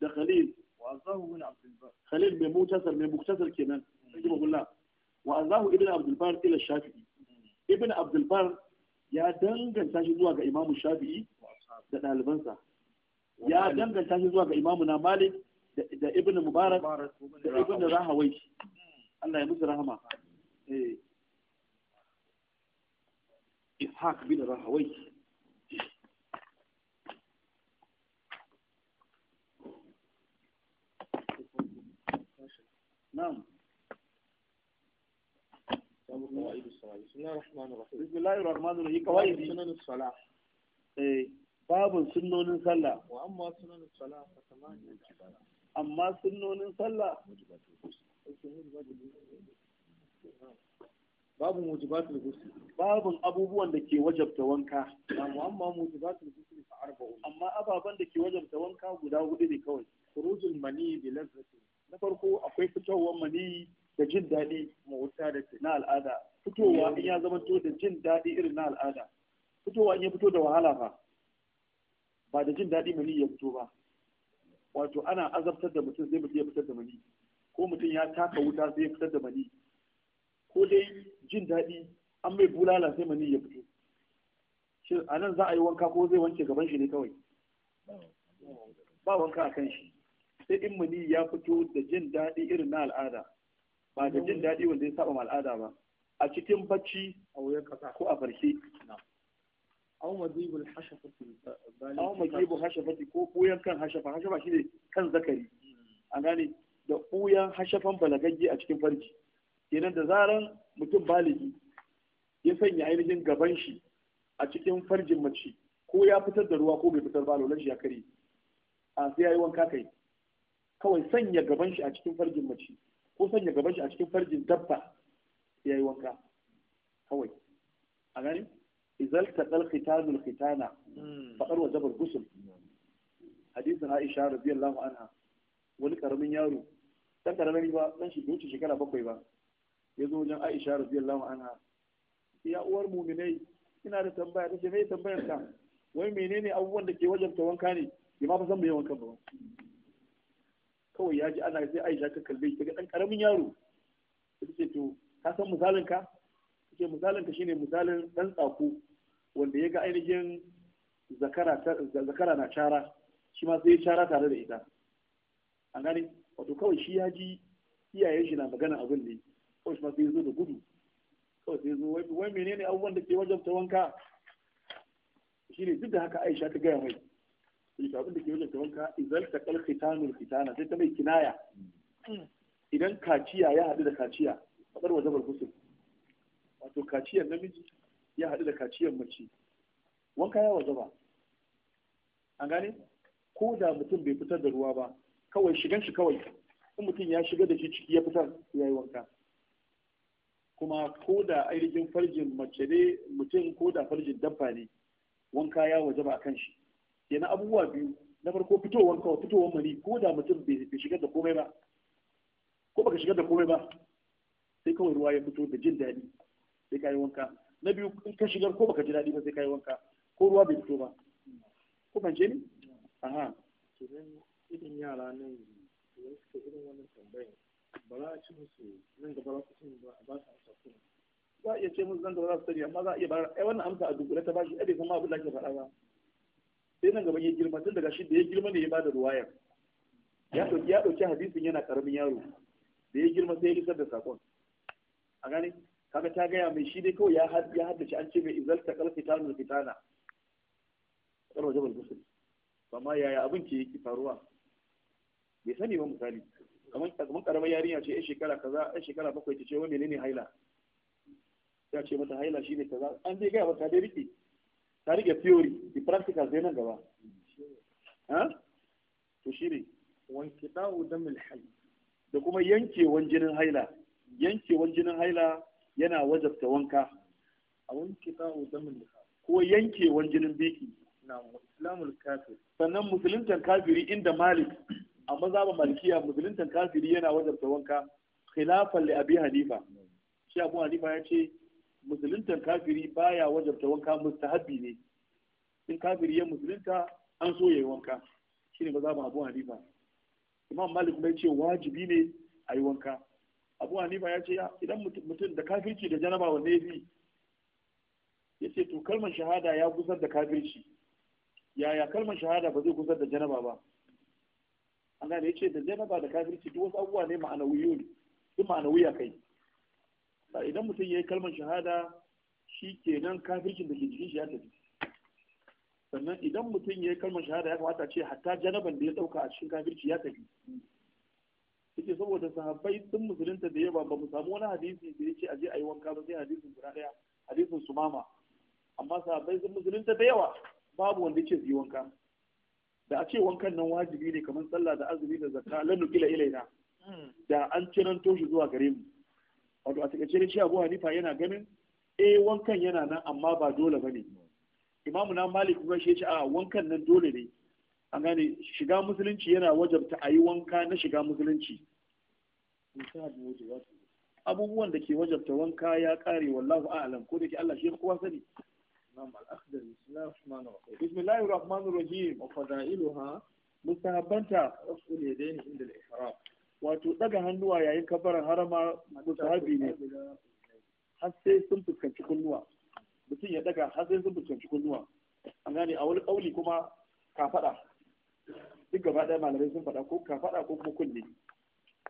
da khalil wa azahu ibn abdul bar khalil mai mutasar mai muktasar kenan hmm. rahimahullah wa azahu ibn abdul bar ila shafi'i hmm. ibn abdul bar ya danganta shi zuwa ga imam shafi'i da ɗalibansa ya danganta shi zuwa ga imamuna malik da ibn mubarak da ibn rahawai Allah ya musu rahama ishaq bin rahawai نعم بسم الله الرحمن الرحيم بسم الله الرحمن الرحيم قواعد سنن الصلاة ايه babun sunnonin sallah amma sunan sallah fa tamani amma sunnonin sallah babun mujibatul ghusl babun abubuwan da ke wajabta wanka amma amma mujibatul ghusl fa arba'u amma ababan da ke wajabta wanka guda hudu ne kawai khurujul mani bi lazzati na farko akwai fitowar mani da jin daɗi wuta da na al'ada fitowa in ya zama to da jin daɗi irin na al'ada fitowa in ya fito da wahala fa ba da jin daɗi mani ya fito ba wato ana azabtar da mutum sai mutum ya fitar da mani ko mutum ya taka wuta sai ya fitar da mani ko dai jin daɗi an mai bulala sai mani ya fito shi a nan za a yi wanka ko zai wanke gaban shi ne kawai ba wanka a kan shi sai in mani ya fito da jin daɗi irin na al'ada ba da jin daɗi wanda ya saba al'ada ba a cikin bacci ko a farke. Au mazibul hashafatu aw hashafa ti ko ɓuyan kan hashafa hashafa ne kan zakari an gane da buyan hashafan balagagge a cikin farji kenan da zaran mutum baligi ya sanya ainihin gaban shi a cikin farjin mace ko ya fitar da ruwa ko bai fitar ba lolan shi ya kare a sai yayi wanka kai kawai sanya gaban shi a cikin farjin mace ko sanya gaban shi a cikin farjin dabba yayi wanka kawai a gani izal taqal khitanul khitana hmm. faqar wa zabar gusul hadisin Aisha radiyallahu anha wani karamin yaro dan karamin ba dan shi wuce shekara bakwai ba ya zo wajen Aisha radiyallahu anha ya uwar mu'minai ina da tambaya tace me tambayar ka wai menene abubuwan da ke wajen ta wanka ne ki ma fa san mai wanka ba kawai ya ji ana sai Aisha ta kalle daga dan karamin yaro ta ce to ka san misalin ka ce misalin ka shine misalin dan tsako wanda ya ga ainihin zakara na cara shi ma sai cara tare da ita an gani wato kawai shi ya ji iyayen shi na magana abin ne kawai shi ma sai zo da gudu kawai sai zo wai menene abubuwan da ke wajen ta wanka shi ne duk da haka aisha ta gaya mai shi abin da ke wajen ta wanka izal ta kalfi tanul fitana sai ta mai kinaya idan kaciya ya haɗu da kaciya faɗar wajen barkusu wato kaciyar namiji ya haɗu da kaciyar mace wanka ya wajaba an gane ko da mutum bai fitar da ruwa ba kawai shigan shi kawai in mutum ya shiga da shi ciki ya fitar ya yi wanka kuma ko da ainihin farjin mace ne mutum ko da farjin dabba ne wanka ya wajaba a kan shi kenan abubuwa biyu na farko fitowar kawai fitowar mani ko da mutum bai shigar da komai ba ko baka shigar da komai ba sai kawai ruwa ya fito da jin daɗi sai ka yi wanka na biyu in ka shigar ko baka ji daɗi ba sai ka yi wanka ko ruwa bai fito ba ko ban je ni aha idan irin yara ne. idan suka irin wannan tambayan ba za a ci musu nan gaba za su ci ba a ba su amsa kuma za a iya ce musu nan gaba za su sani amma za a iya bayar ai wannan amsa a dubule ta bashi ai kuma abin da ake faɗa ba sai nan gaba ya girma tun daga shi da ya girma ne ya bada ruwayar ya ɗauki ya ɗauki hadisin yana ƙaramin yaro da ya girma sai ya isar da sakon a gani? kaga ta gaya mai shi dai kawai ya haddace an ce mai izalta kalfitanu fitana tsaro jabal gusul amma yaya abin ke yake faruwa bai sani ba misali kamar karamar yarinya ce yan shekara kaza yan shekara bakwai ta ce wani ne ne haila ya ce mata haila shi ne kaza an dai gaya mata dai rike ta rike theory the practical zai nan gaba to shi ne wanke da'u damil haila da kuma yankewan jinin haila yankewan jinin haila yana wajabta wanka a wanke ta'u damin ko yankewan jinin biki na islamul kafir sannan musuluntan kafiri inda malik a mazhaban malikiya musuluntan kafiri yana wajabta wanka khilafan li abi hanifa shi abu hanifa ya ce musuluntan kafiri baya wajabta wanka mustahabbi ne in kafiri ya musulunta an so yayi wanka shine mazhaban abu hanifa imam malik bai ce wajibi ne a yi wanka abu hanifa ya ce idan mutum da kafirci da janaba wanne bi ya ce to kalmar shahada ya gusar da kafirci yaya kalmar shahada ba zai gusar da janaba ba an gane ya ce da janaba da kafirci duk wasu abubuwa ne ma'ana wuyo ne duk wuya kai idan mutum ya yi kalmar shahada shi kenan kafircin da ke jikin shi ya tafi sannan idan mutum ya yi kalmar shahada ya kamata ce hatta janaban da ya ɗauka a cikin kafirci ya tafi suke saboda sahabbai sun musulunta da yawa ba mu samu wani hadisi da yake aje yi wanka ba sai hadisin guda daya hadisin sumama amma sahabbai sun musulunta da yawa babu wanda yake yi wanka da a ce wankan nan wajibi ne kamar sallah da azumi da zakka lanu ila ilaina da an ciranto shi zuwa gare mu wato a takaice ne shi Abu Hanifa yana ganin eh wankan yana nan amma ba dole bane imamu na Malik kuma shi ya ce a wankan nan dole ne an gane shiga musulunci yana wajabta a yi wanka na shiga musulunci abubuwan da ke wajabta wanka ya kare wallahu a'lam ko da ke Allah shi kowa sani نعم الأخضر بسم الله الرحمن الرحيم بسم الله الرحمن الرحيم وفضائلها مستحبنتا رفع اليدين عند الإحرام wato daga hannuwa yayin kabarin harama mustahabi ne har sai sun fuskanci kunnuwa mutum ya daga har sai sun fuskanci kunnuwa an gane a wani kauli kuma kafada duk gaba daya malamai sun faɗa ko kafada ko kuma kunne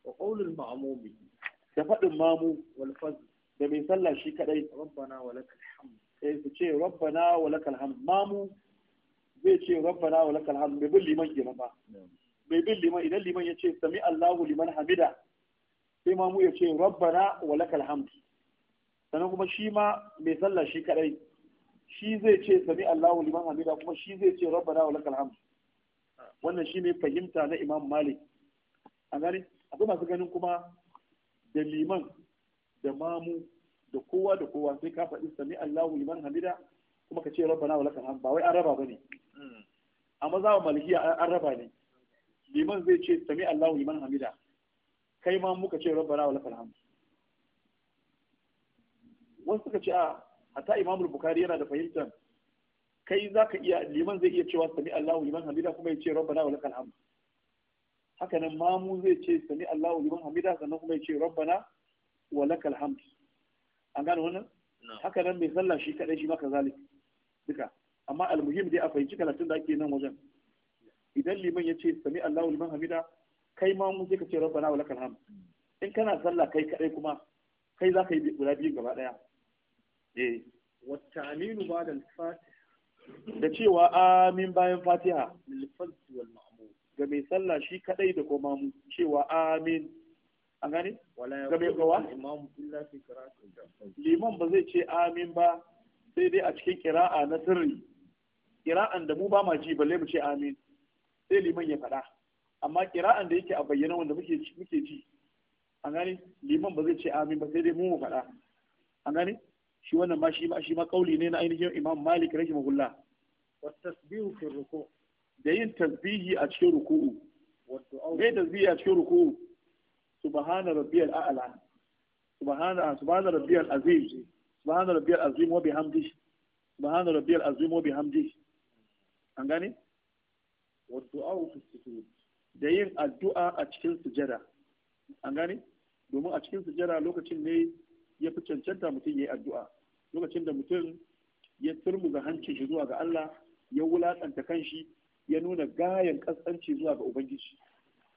wa qaulul ma'mumi da faɗin mamu wal fazl da mai sallah shi kadai rabbana wa lakal hamd sai su ce rabbana wa lakal hamd mamu zai ce rabbana wa lakal hamd bai bin liman kenan ba bai bin liman idan liman ya ce sami Allahu liman hamida sai mamu ya ce rabbana wa lakal hamd sannan kuma shi ma mai sallah shi kadai shi zai ce sami Allahu liman hamida kuma shi zai ce rabbana wa lakal hamd wannan shi ne fahimta na Imam Malik a gare akwai masu ganin kuma da liman da mamu da kowa da kowa sai ka faɗi sami Allahu liman hamida kuma ka ce rabbana wa lakal hamd ba wai an raba bane amma za mu malhiya an raba ne liman zai ce sami Allahu liman hamida kai ma muka ce rabbana wa lakal hamd wasu suka ce a hatta imamul bukhari yana da fahimtar kai zaka iya liman zai iya cewa sami Allahu liman hamida kuma ya ce rabbana wa lakal hamd hakanan mamu zai ce sami Allahu liman hamida sannan kuma ya ce rabbana wa lakal hamd an gane wannan hakanan mai sallah shi kadai shi maka zalik duka amma almuhim dai a fahimci kalatin da ake nan wajen idan liman ya ce sami Allahu liman hamida kai ma mu ka ce rabbana wa lakal hamd in kana sallah kai kadai kuma kai za ka yi guda biyu gaba daya eh wa aminu ba'da fatiha da cewa amin bayan fatiha lil wal ma'ruf ga mai sallah shi kadai da kuma mu cewa amin an gane ga mai gawa liman ba zai ce amin ba sai dai a cikin kira'a na sirri kira'an da mu ba ma ji balle mu ce amin sai liman ya faɗa amma kira'an da yake a bayyana wanda muke ji an gane liman ba zai ce amin ba sai dai mu mu faɗa an gane shi wannan ma shi ma shi ma kauli ne na ainihin imam malik rahimahullah wa tasbihu fi ruku' da yin tasbihi a cikin ruku'u me tasbihi a cikin ruku'u subhana rabbiyal a'la subhana subhana rabbiyal azim subhana rabbiyal azim wa bihamdi subhana rabbiyal azim wa bihamdi an gane wa du'a fi sujud da yin addu'a a cikin sujada an gane domin a cikin sujada lokacin ne ya fi cancanta mutum ya yi addu'a lokacin da mutum ya turmuga hancin shi zuwa ga Allah ya wulaƙanta kanshi ya nuna gayan kasance zuwa ga ubangiji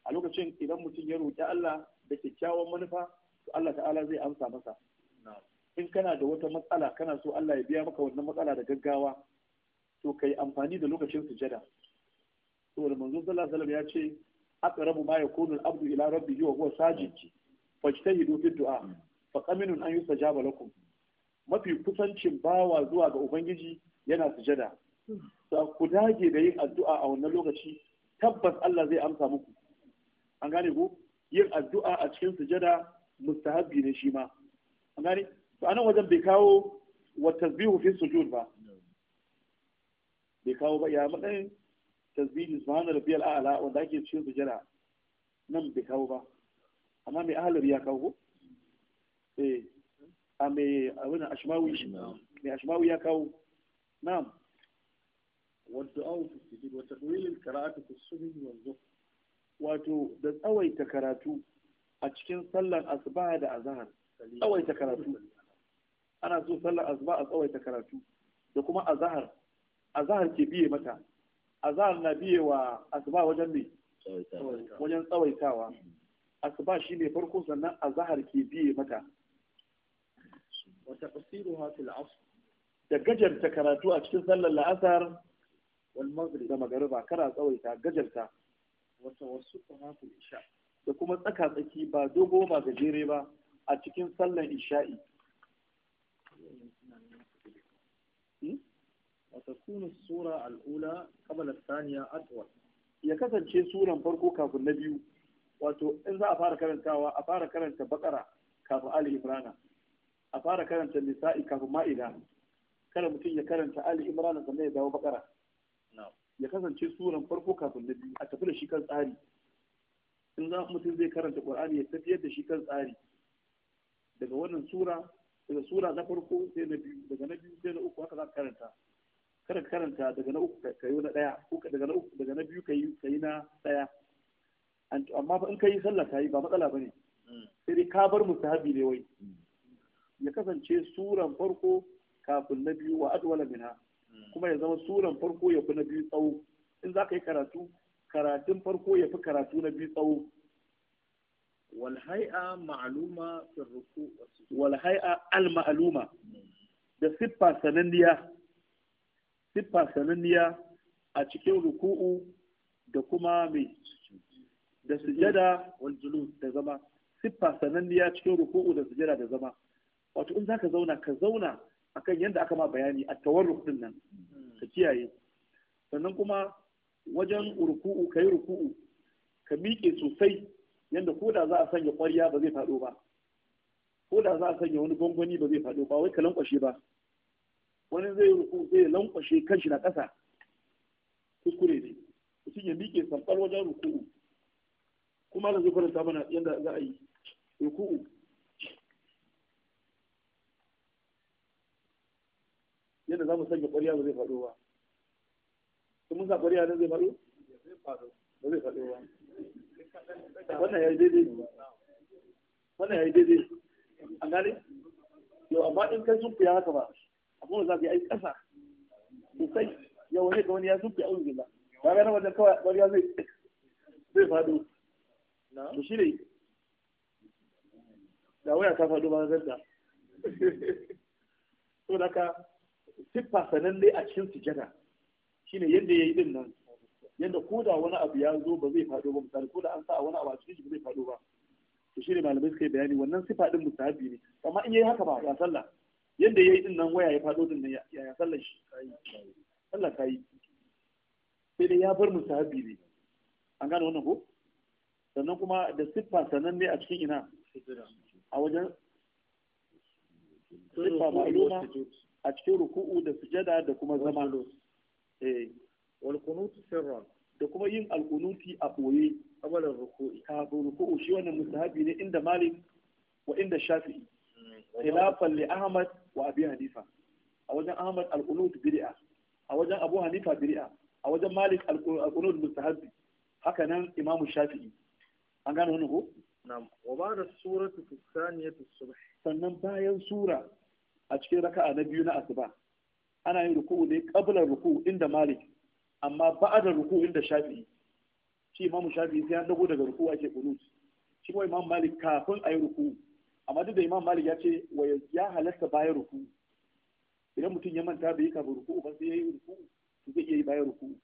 a lokacin idan mutum ya roƙi Allah da kyakkyawan manufa to Allah ta'ala zai amsa masa in kana da wata matsala kana so Allah ya biya maka wannan matsala da gaggawa to kai amfani da lokacin sujada saboda manzo sallallahu alaihi wasallam ya ce aqrabu ma yakunu al-abdu ila rabbihi wa huwa sajid fajtahidu fi du'a mm. fa qaminu an yusajaba lakum mafi kusancin bawa zuwa ga ubangiji yana sujada da ku dage da yin addu'a a wannan lokaci tabbas Allah zai amsa muku an gane ku yin addu'a a cikin sujada mustahabbi ne shi ma an gane to anan wajen bai kawo wa tasbihu fi sujud ba bai kawo ba ya madan tasbihu subhana rabbiyal a'la wanda ake cikin sujada nan bai kawo ba amma mai ahalar ya kawo eh a mai abin ashmawi mai ashmawi ya kawo na'am والدعاء في السجود وتطويل القراءة في الصبح yanzu. wato da tsawaita karatu a cikin sallar asuba da azhar tsawaita karatu ana so sallar asuba a tsawaita karatu da kuma azhar azhar ke biye mata azhar na biye wa asuba wajen me wajen tsawaitawa asuba shine farko sannan azhar ke biye mata wa tafsiruha fil asr da gajarta karatu a cikin sallar la'asar wal maghrib da magariba kada tsawaita gajarta wa wasu salatu isha da kuma tsaka tsaki ba dogo ba gajere ba a cikin sallan isha'i وتكون hmm? sura الأولى قبل الثانية أطول ya kasance suran farko kafin na biyu wato in za a fara karantawa a fara karanta bakara kafin ali imrana a fara karanta nisa'i kafin ma'ida kada mutum ya karanta ali imrana sannan ya dawo bakara ya kasance suran farko kafin na biyu a tafi da shi kan tsari in za mutum zai karanta qur'ani ya tafiyar da shi kan tsari daga wannan sura daga sura na farko sai na biyu daga na biyu sai na uku haka za ka karanta kada ka karanta daga na uku ka yi na ɗaya ko daga na uku daga na biyu ka yi ka yi na ɗaya amma in ka yi sallah ka yi ba matsala ba ne hmm. sai dai ka bar mustahabi ne wai hmm. ya kasance suran farko kafin na biyu wa adwala minha kuma ya zama suran farko ya fi na biyu tsawo in za ka yi karatu karatun farko ya fi karatu na biyu tsawo walhai'a ma'aluma walhai'a al-ma'aluma da siffa sananniya siffa sananniya a cikin ruku'u da kuma mai da sujada da zama siffa sananniya cikin ruku'u da sujada da zama wato in za ka zauna ka zauna akan yadda aka ma bayani a tawarruk din nan ka kiyaye sannan kuma wajen ruku'u kai ruku'u ka miƙe sosai yadda ko da za a sanya ƙwarya ba zai faɗo ba ko da za a sanya wani gwangwani ba zai faɗo ba wai ka lankwashe ba wani zai ruku zai lankwashe kanshi na ƙasa kuskure ne mutum ya miƙe samfar wajen ruku'u kuma da zai kwanta mana yadda za a yi ruku'u yadda za mu sanya ƙwarya ba zai faɗo ba in mun sa ƙwarya nan zai faɗo ba zai faɗo ba wannan ya yi daidai wannan ya yi daidai an gane yau amma in kai sun fiya haka ba a kuma za ka yi ai ƙasa sosai yau wani ga wani ya sun fiya uzuri ba ba ga wajen kawai ƙwarya zai zai faɗo to shi ne da waya ta faɗo ba zan da so da ka siffa sananne a cikin sujada shine yadda yayi din nan yadda ko da wani abu ya zo ba zai faɗo ba misali ko da an sa wani abu a cikin shi ba zai faɗo ba to shi ne malamai suka yi bayani wannan siffa din musahabi ne amma in yayi haka ba ya sallah yadda yayi din nan waya ya faɗo din nan ya ya sallah shi sallah yi sai dai ya bar musahabi ne an gane wannan ko sannan kuma da siffa sananne a cikin ina a wajen siffa ma'aluma a cikin ruku'u da sujada da kuma zama eh wal da kuma yin alqunuti a boye qabala ruku'i kafin ruku'u shi wannan mustahabi ne inda malik wa inda shafi'i hmm. khilafan li ahmad wa abi hanifa a wajen ahmad alqunut bid'a a wajen abu hanifa bid'a a wajen malik alqunut mustahabi haka nan imam shafi'i an gane wannan ko na'am wa ba da suratu tsaniyatu subh sannan bayan sura a cikin raka'a na biyu na asuba ana yin ruku'u ne qablan ruku'u inda malik amma ba'da ruku'u inda shafi'i shi imamu shafi'i sai an dago daga ruku'u ake kunu. shi kuma imam malik kafin ayi ruku'u amma duk da imam malik ya ce wa ya halatta bayan ruku'u idan mutum ya manta bai yi kafin ruku'u ba sai yi ruku'u zai iya yi bayan ruku'u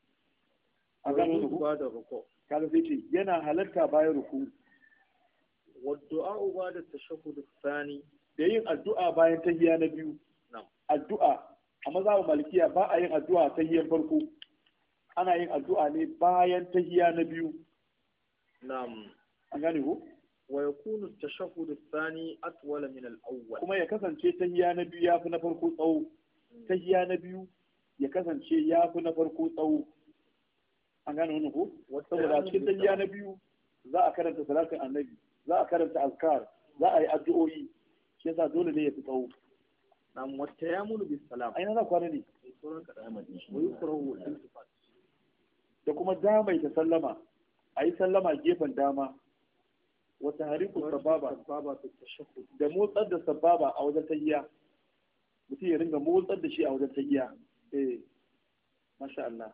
a gano ruku'u kaga sai ce yana halatta bayan ruku'u ba da tashahudu Sani. da yin addu'a bayan tahiya na biyu addu'a a mazhabin malikiya ba a yin addu'a ta tahiyar farko ana yin addu'a ne bayan tahiya na biyu na'am an gane ko wa yakunu at-tashahhud ath-thani atwala min al-awwal kuma ya kasance tahiya na biyu yafi na farko tsawo hmm. tahiya na biyu ya kasance yafi na farko tsawo an gane wannan ko saboda cikin tahiya na biyu za a karanta salatin annabi za a karanta azkar za a yi addu'o'i shi yasa dole ne ya fi tsawo nam wata ya mulu bi salam ai na kwana ne wa yukrahu ka da da kuma damai ta sallama yi sallama gefen dama wa tahriku sababa da motsar da sababa a wajen tahiya mutum ya ringa motsar da shi a wajen tahiya eh masha Allah